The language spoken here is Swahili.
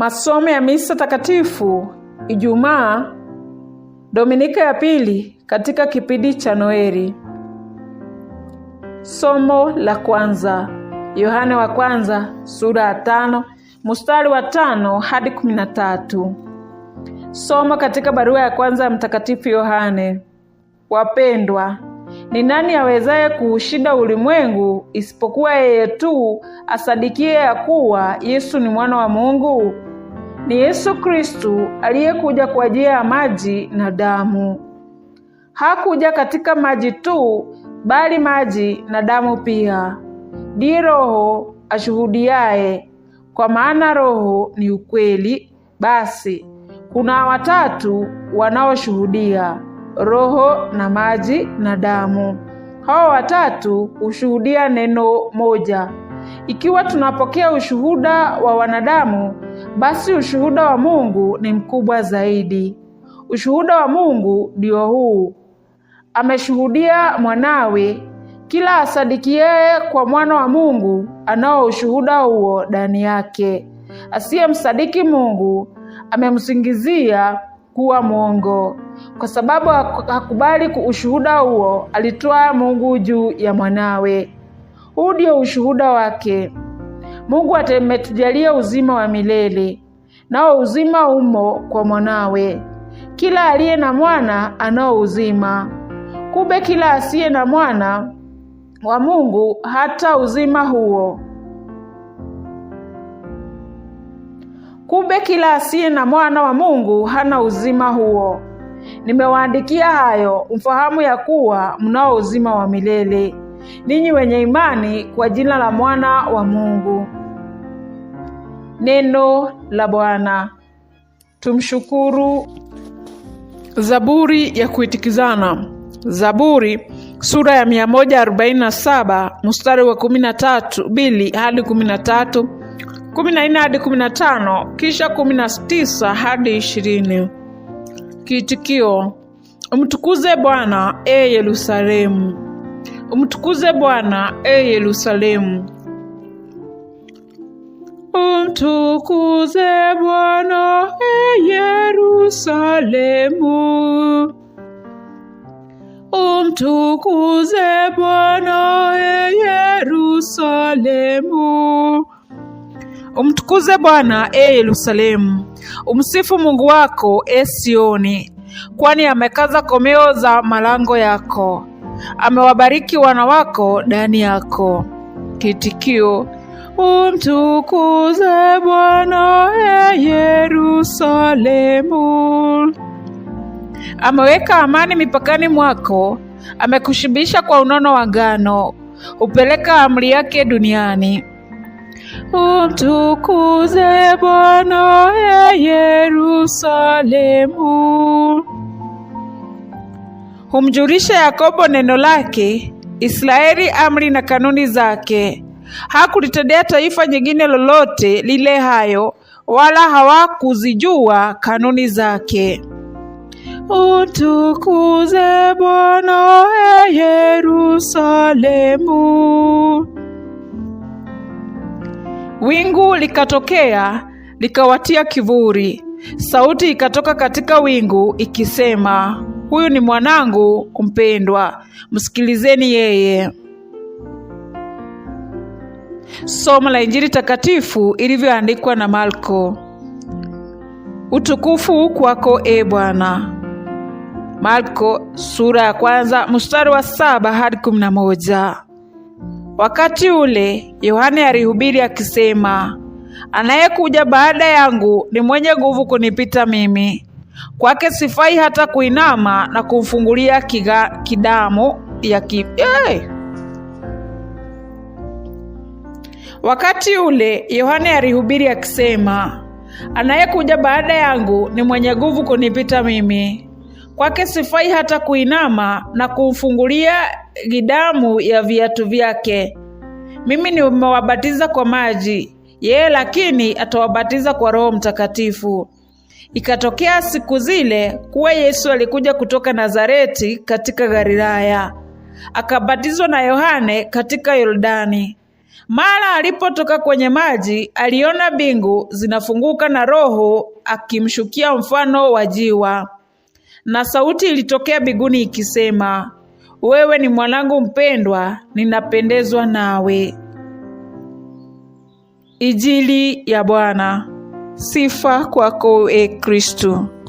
Masomo ya Misa Takatifu Ijumaa, Dominika ya pili katika kipindi cha Noeli. Somo la kwanza, Yohane wa kwanza sura ya tano mstari wa tano hadi kumi na tatu. Somo katika barua ya kwanza ya Mtakatifu Yohane. Wapendwa, ni nani awezaye kuushinda ulimwengu isipokuwa yeye tu asadikie ya kuwa Yesu ni mwana wa Mungu? ni Yesu Kristu aliyekuja kwa njia ya maji na damu. Hakuja katika maji tu, bali maji na damu pia. Ndiye Roho ashuhudiaye, kwa maana Roho ni ukweli. Basi kuna watatu wanaoshuhudia, Roho na maji na damu. Hao watatu hushuhudia neno moja. Ikiwa tunapokea ushuhuda wa wanadamu, basi ushuhuda wa Mungu ni mkubwa zaidi. Ushuhuda wa Mungu ndio huu: ameshuhudia mwanawe. Kila asadikieye kwa mwana wa Mungu anao ushuhuda huo ndani yake. Asiyemsadiki Mungu amemsingizia kuwa mwongo, kwa sababu hakubali ushuhuda huo alitoa Mungu juu ya mwanawe. Huu ndio ushuhuda wake. Mungu ametujalia uzima wa milele, nao uzima umo kwa mwanawe. Kila aliye na mwana anao uzima, kumbe kila asiye na mwana wa Mungu hata uzima huo. Kumbe kila asiye na mwana wa Mungu hana uzima huo. Nimewaandikia hayo mfahamu ya kuwa mnao uzima wa milele ninyi wenye imani, kwa jina la mwana wa Mungu. Neno la Bwana. Tumshukuru. Zaburi ya kuitikizana. Zaburi sura ya 147 mstari wa 13 bili hadi 13, 14 hadi 15, kisha 19 hadi 20. Kiitikio: Mtukuze Bwana, e Yerusalemu. Umtukuze Bwana, e Yerusalemu. Umtukuze Bwana, e Yerusalemu. Umtukuze Bwana, e Yerusalemu. Umtukuze Bwana, e Yerusalemu. Umsifu Mungu wako, e Sioni, kwani amekaza komeo za malango yako amewabariki wana wako ndani yako. Kitikio: umtukuze Bwana e Yerusalemu. Ameweka amani mipakani mwako, amekushibisha kwa unono wa ngano, hupeleka amri yake duniani. Umtukuze Bwana e Yerusalemu humjulisha Yakobo neno lake, Israeli amri na kanuni zake. Hakulitendea taifa nyingine lolote lile hayo, wala hawakuzijua kanuni zake. Utukuze Bwana e Yerusalemu. Wingu likatokea likawatia kivuli, sauti ikatoka katika wingu ikisema huyu ni mwanangu mpendwa, msikilizeni yeye. Somo la Injili takatifu ilivyoandikwa na Marko. Utukufu kwako e Bwana. Marko sura ya kwanza mstari wa saba hadi kumi na moja. Wakati ule Yohane alihubiri akisema, anayekuja baada yangu ni mwenye nguvu kunipita mimi, kwake sifai hata kuinama na kumfungulia kiga, kidamo ya ki, hey! Eh. Wakati ule Yohane alihubiri akisema, anayekuja baada yangu ni mwenye nguvu kunipita mimi, kwake sifai hata kuinama na kumfungulia gidamu ya viatu vyake. Mimi nimewabatiza kwa maji, yeye lakini atawabatiza kwa Roho Mtakatifu. Ikatokea siku zile kuwa Yesu alikuja kutoka Nazareti katika Galilaya, akabatizwa na Yohane katika Yordani. Mara alipotoka kwenye maji, aliona mbingu zinafunguka na Roho akimshukia mfano wa jiwa, na sauti ilitokea mbinguni ikisema, wewe ni mwanangu mpendwa, ninapendezwa nawe. Ijili ya Bwana. Sifa kwako, e Kristo.